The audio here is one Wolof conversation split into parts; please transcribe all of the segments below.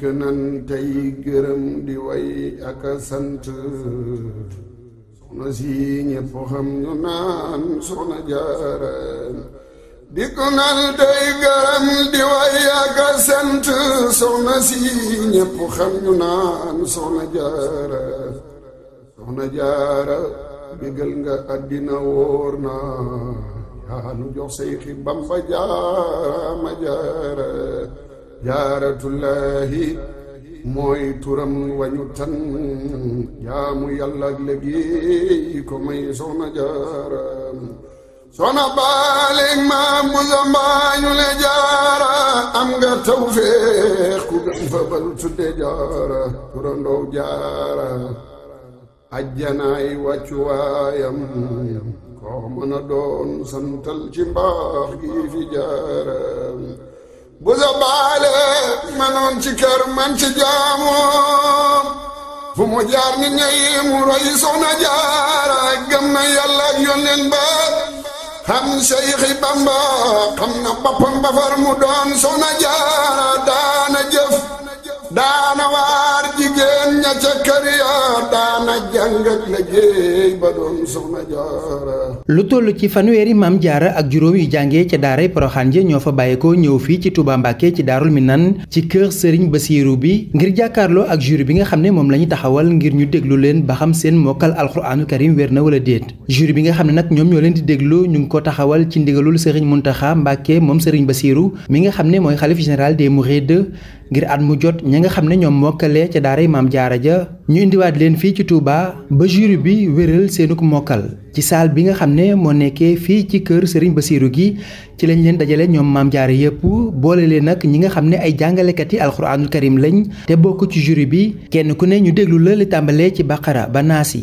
dikk nan tey gërëm di way ak a sant soxna si ñépp xam ñu naan soxna jaara dikk nan tey gërëm di way ak a si ñépp xam ñu naan soxna jaara soxna jaara bégal nga àddina wóor na yaa jox say xi bamba jaara ma jaaratullahi mooy turam wañu tan jaamu yàlla ak léegi ko may soxna jaaram soxna baaleeg maam bu zambaañu le jaara am nga tawfeex gam fa bal tudde jaara turandoow jaara ajjanaay wàccuwaayam koo mën a doon santal ci fi jaaram bu baale manoon ci kër man ci fu mu jaar ni ñey mu roy soxna jaara gëm na yàlla ak yónneen ba xam Seyxi Bamba xam na boppam ba far mu doon soxna jaara daana jëf daana lu toll ci fanweeri maam jaar ak juróom yu jàngee ca daaray poroxaan ja ñoo fa bàyyeekoo ñëw fii ci Touba Mbàkke ci daarul Minan ci kër sëriñ Basiiru bi ngir jàkkaarloo ak jury bi nga xam ne moom la ñu taxawal ngir ñu déglu leen ba xam seen mokkal alxuraanu karim wér na wala déet jury bi nga xam ne nag ñoom ñoo leen di déglu ñu ngi ko taxawal ci ndigalul Serigne Muntaxa Mbàkke moom Serigne Basiiru mi nga xam ne mooy xalif général des mourides ngir at mu jot ñi nga xam ne ñoom mokkale ca daaray maam jaara ja ñu indiwaat leen fii ci Touba ba jury bi wéral seenuk mokkal ci saal bi nga xam ne moo nekkee fii ci kër Serigne Bassirou gi ci lañ leen dajale ñoom maam jaara yépp boole leen nag ñi nga xam ne ay jàngalekat yi alxuraanul karim lañ te bokk ci jury bi kenn ku ne ñu déglu la li tàmbalee ci baqara ba naasi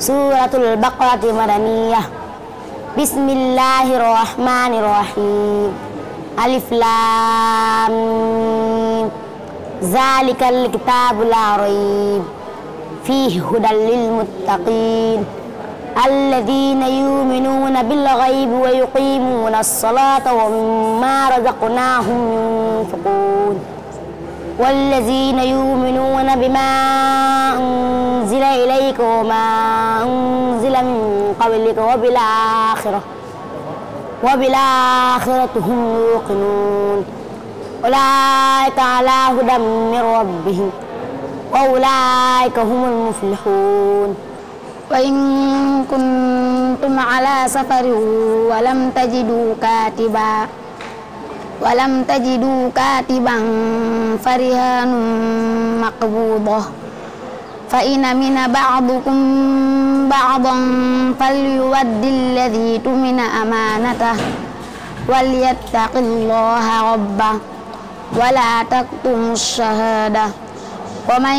suuratul baqarati madaniya bismillahi rahmani rahim alif lam mim zalika alkitabu la rayb fihi hudan lilmuttaqin الذين يؤمنون بالغيب ويقيمون الصلاة ومما رزقناهم ينفقون والذين يؤمنون بما أنزل إليك وما أنزل من قبلك وبالآخرة وبالآخرة هم يوقنون أولئك على هدى من ربهم وأولئك هم المفلحون وإن كنتم على سفر ولم تجدوا كاتبا walam tajidu katiban farihanum maqbuda fa in amina ba'dukum ba'dan falyuwaddi alladhi tumina amanatahu walyattaqi llaha rabbahu wala taktumu shahada wa man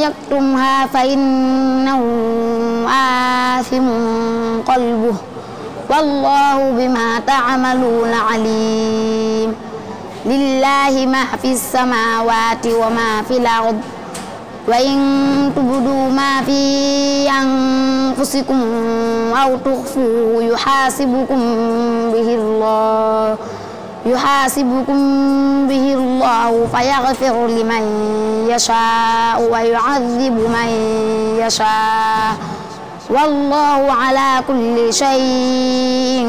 yaktumha fa innahu aathimun qalbuhu wallahu bima ta'maluna alim lillahi ma fi samawati wa ma fi lard wa in tubdu ma fi anfusikum aw tuxfu yuxaasibukum bihi llah yuxaasibukum bihi llahu fa yaxfir liman yashaa wa yucadibu man yashaa wallahu ala kulli shayin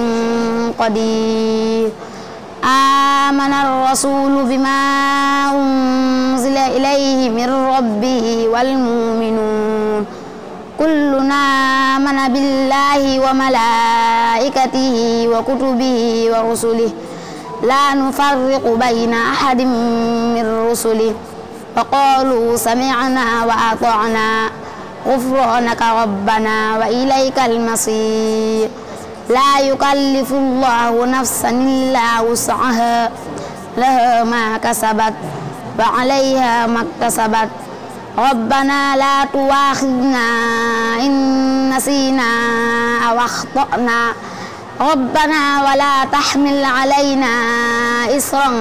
qadir آمن الرسول بما أنزل إليه من ربه والمؤمنون كلنا آمن بالله وملائكته وكتبه ورسله لا نفرق بين أحد من رسله وقالوا سمعنا وأطعنا غفرانك ربنا وإليك المصير laa yukallifu llahu nafsan illaa wus'ahaa lahaa maa kasabat wa 'alayhaa maktasabat rabbanaa laa tu'aaxidnaa in nasiinaa aw axta'naa rabbanaa wa laa taxmil 'alaynaa isran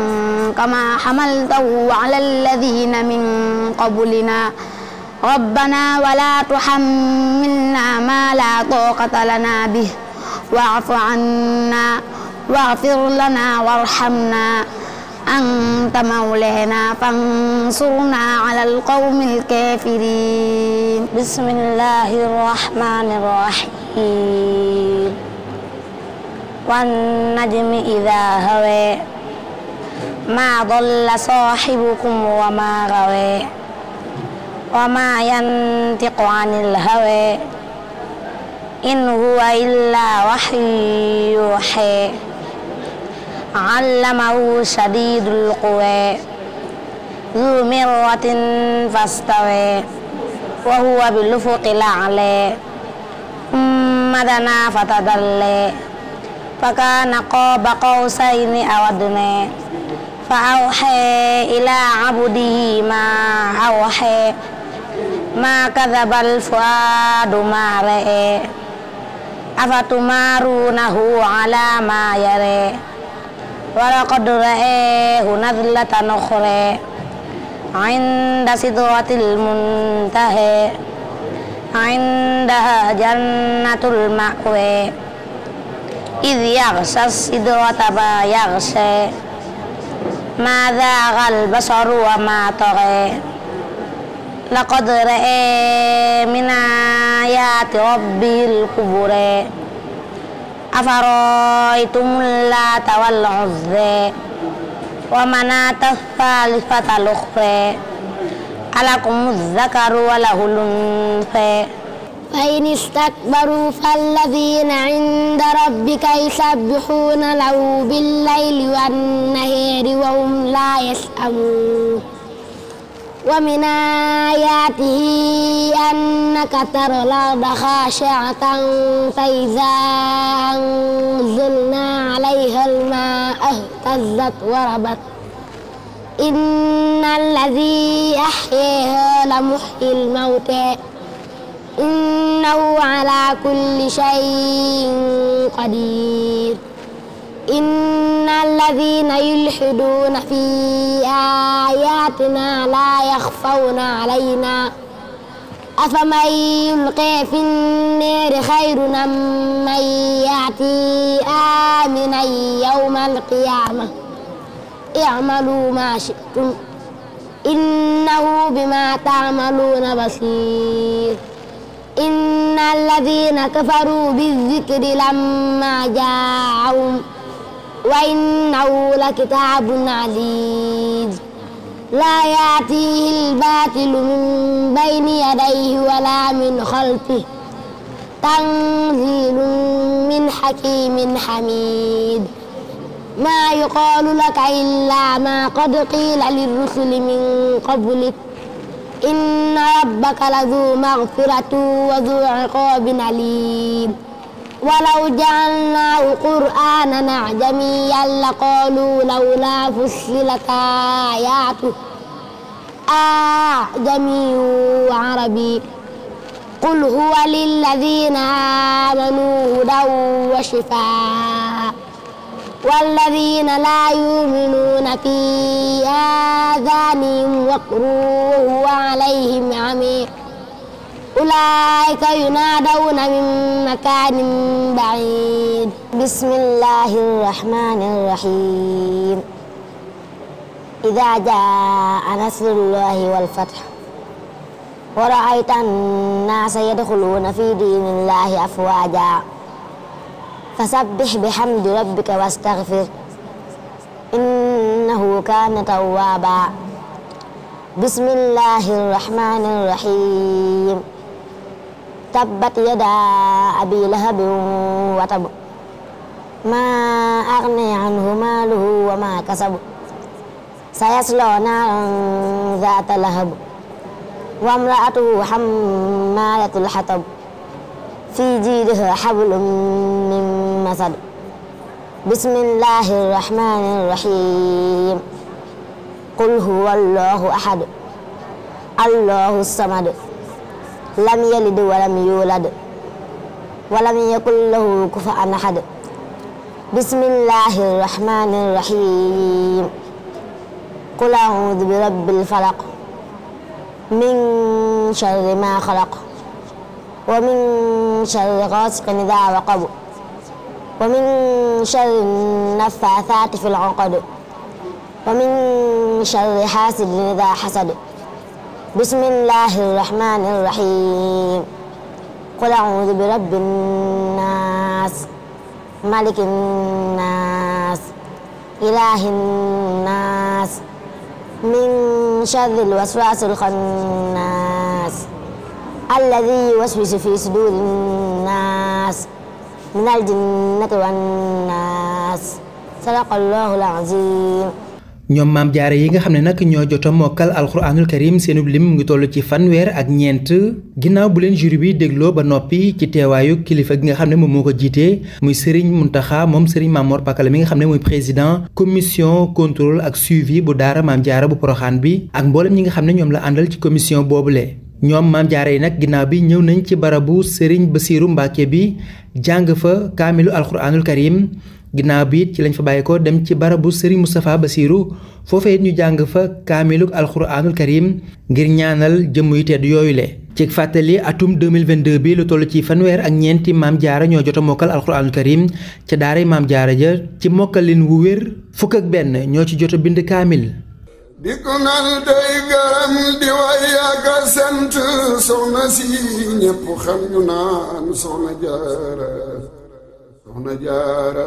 kamaa xamaltahu 'alaa allaziina min qablinaa rabbanaa wa laa tuxammilnaa maa laa taaqata lanaa bihi واعف عنا واغفر لنا وارحمنا أنت مولانا فانصرنا على القوم الكافرين بسم الله الرحمن الرحيم والنجم إذا هوى ما ضل صاحبكم وما غوى وما ينطق عن الهوى إن هو إلا وحي يوحي علمه شديد القوى ذو مرة فاستوى وهو بالأفق الأعلى ثم دنا فتدلى فكان قاب قوسين أو أدنى فأوحى إلى عبده ما أوحى ما كذب الفؤاد ما رأى أفتمارونه على ما يرى ولقد رآه نزلة أخرى عند سدرة المنتهى عندها جنة المأوى إذ يغشى السدرة ما يغشى ما زاغ البصر وما طغى لقد رأى من آيات ربه الكبرى أفرأيتم اللات والعزى ومناة الثالثة الأخرى ألكم الذكر وله الأنثى فإن استكبروا فالذين عند ربك يسبحون له بالليل والنهار وهم لا يسأمون ومن آياته أنك ترى الأرض خاشعة فإذا أنزلنا عليها الماء اهتزت وربت إن الذي أحياها لمحيي الموتى إنه على كل شيء قدير إن إن الذين يلحدون في آياتنا لا يخفون علينا أفمن يلقي في النار خير أم من يأتي آمنا يوم القيامة اعملوا ما شئتم إنه بما تعملون بصير إن الذين كفروا بالذكر لما جاءهم وإنه لكتاب عزيز لا يأتيه الباطل من بين يديه ولا من خلفه تنزيل من حكيم حميد ما يقال لك إلا ما قد قيل للرسل من قبلك إن ربك لذو مغفرة وذو عقاب أليم ولو جعلناه قرآنا أعجميا لقالوا لولا فصلت آياته أعجمي وعربي قل هو للذين آمنوا هدى وشفاء والذين لا يؤمنون في آذانهم وقر وهو عليهم عميق ulaa'ika yunaadawna min makaanin ba'iid bismillahi rrahmani rrahim idaa jaa'a nasrullahi wal fath wa ra'ayta nnaasa yadxuluuna fi diinillahi afwaajaa fasabbih bihamdi rabbika wastaghfir innahu kaana tawwaabaa bismillahi rrahmani rrahim tabbat yadaa abi lahabin wa tab maa aghnaa anhu maaluhu wa maa kasab sayaslaa naaran zaata lahab wa imra'atuhu hammaalatal hatab fii jiidihaa hablum min masad bismillaahir rahmaanir rahiim qul huwallaahu ahad allaahus samad lam yalid walam yulad walam yakul lahu kufuwan ahad bismillahi rahmani rahim qul a'udhu bi rabbil falaq min sharri ma khalaq wa min sharri ghasiqin idha waqab wa min sharri naffathati fil 'uqad wa min sharri hasidin idha hasad بسم الله الرحمن الرحيم قل أعوذ برب الناس ملك الناس إله الناس من شر الوسواس الخناس الذي يوسوس في صدور الناس من الجنة والناس صدق الله العظيم ñoom maam jaare yi nga xam ne nag ñoo jota mokkal alxuraanul karim seenu lim mu ngi toll ci fanweer ak ñeent ginnaaw bu leen jury bi dégloo ba noppi ci teewaayu kilifa gi nga xam ne moom moo ko jiitee muy Serigne Mountakha moom Serigne Mamor Pakala mi nga xam ne mooy président commission contrôle ak suivi bu daara maam jaara bu poroxaan bi ak mboolem ñi nga xam ne ñoom la àndal ci commission boobule ñoom maam jaare yi nag ginnaaw bi ñëw nañ ci barabu sëriñ Basiiru Mbàkke bi jàng fa kaamilu alxuraanul karim ginnaaw bi ci lañ fa bàyyi ko dem ci barabu sëriñ Moustapha Basiiru foofee it ñu jàng fa kaamilu alxuraanul karim ngir ñaanal jëmm yu tedd yooyu le ci fàttali atum 2022 bi lu toll ci fanweer ak ñeenti maam jaara ñoo jot a mokkal alxuraanul karim ca daaray maam jaara ja ci mokkalin wu wér fukk ak benn ñoo ci jot a bind kaamil di ko nal day garam di way yàgga sant si ñépp xam ñu naan soxna jaara soxna jaara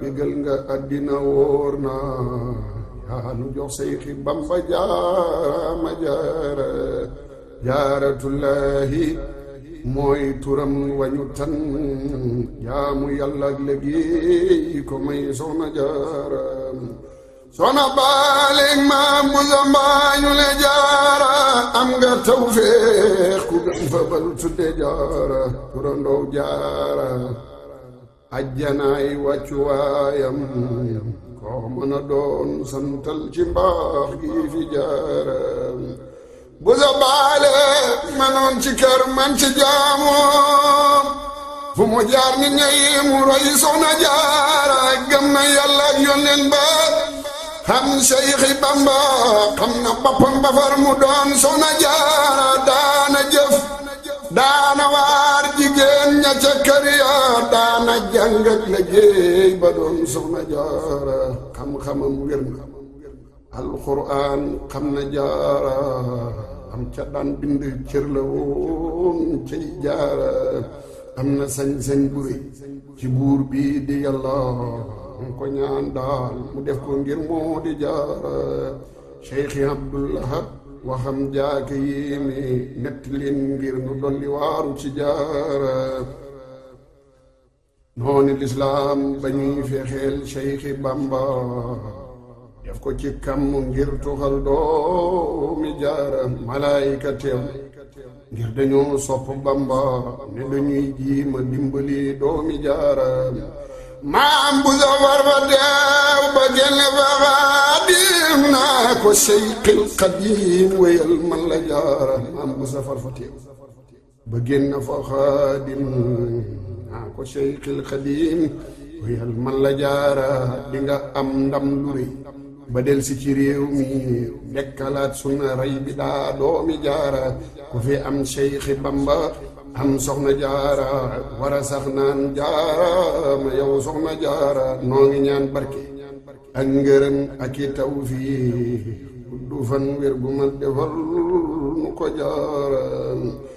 bégal nga àddina wóor na yaa nu jox say xi bamba jaarama jaara jaaratullaahi mooy turam wañu tan jaamu yàlla ak léegi ko may soxna jaaram soxna baaleeg maam bu zambaañu le jaara am nga tawfeex ku gam fa balu tudde jaara turandoo jaara ajjanaay wàccu waayam koo mën doon santal ci mbaax gi fi jaara bu sa baale manoon ci kër man ci jaamoom fu mu jaar ni ñayi mu roy soxna jaara gëm na yàlla ak yónneen ba xam Seexi Bamba xam na boppam ba far mu doon Soxna Jaara daana jëf daana waar jigéen ña ca daana jàng ak liggéey ba doon Soxna Jaara xam-xamam wér na alxuraan xam na jaara am ca daan bind la woon cay jaara am na sañ-sañ bu rëy bii di ko ñaan daal mu def ko ngir moo di jaara Cheikh Abdoul waxam jaake yii mi nett leen ngir nu dolli waaru ci jaara noonu lislaam ba ñuy fexeel Cheikhi Bamba def ko ci kam ngir tuxal doomi jaara malaayikateem ngir dañoo sopp Bamba ne dañuy jiima dimbali doomi jaara maam bu safar fa teew ba génne fa xaadim naa ko seyqil xadim wéyal man la jaara maam bu safar fa teew ba génne fa xaadim naa ko seyqil xadim wéyal man la jaara di nga am ndam lu rëy ba del si ci réew mi dekkalaat sunna rey bi daa doomi jaara ku fi am Seexi Bamba am soxna jaara war a sax naan jaara ma yow soxna jaara noo ngi ñaan barke ak ngërëm ak i tawfiix du fan wér defal nu ko jaara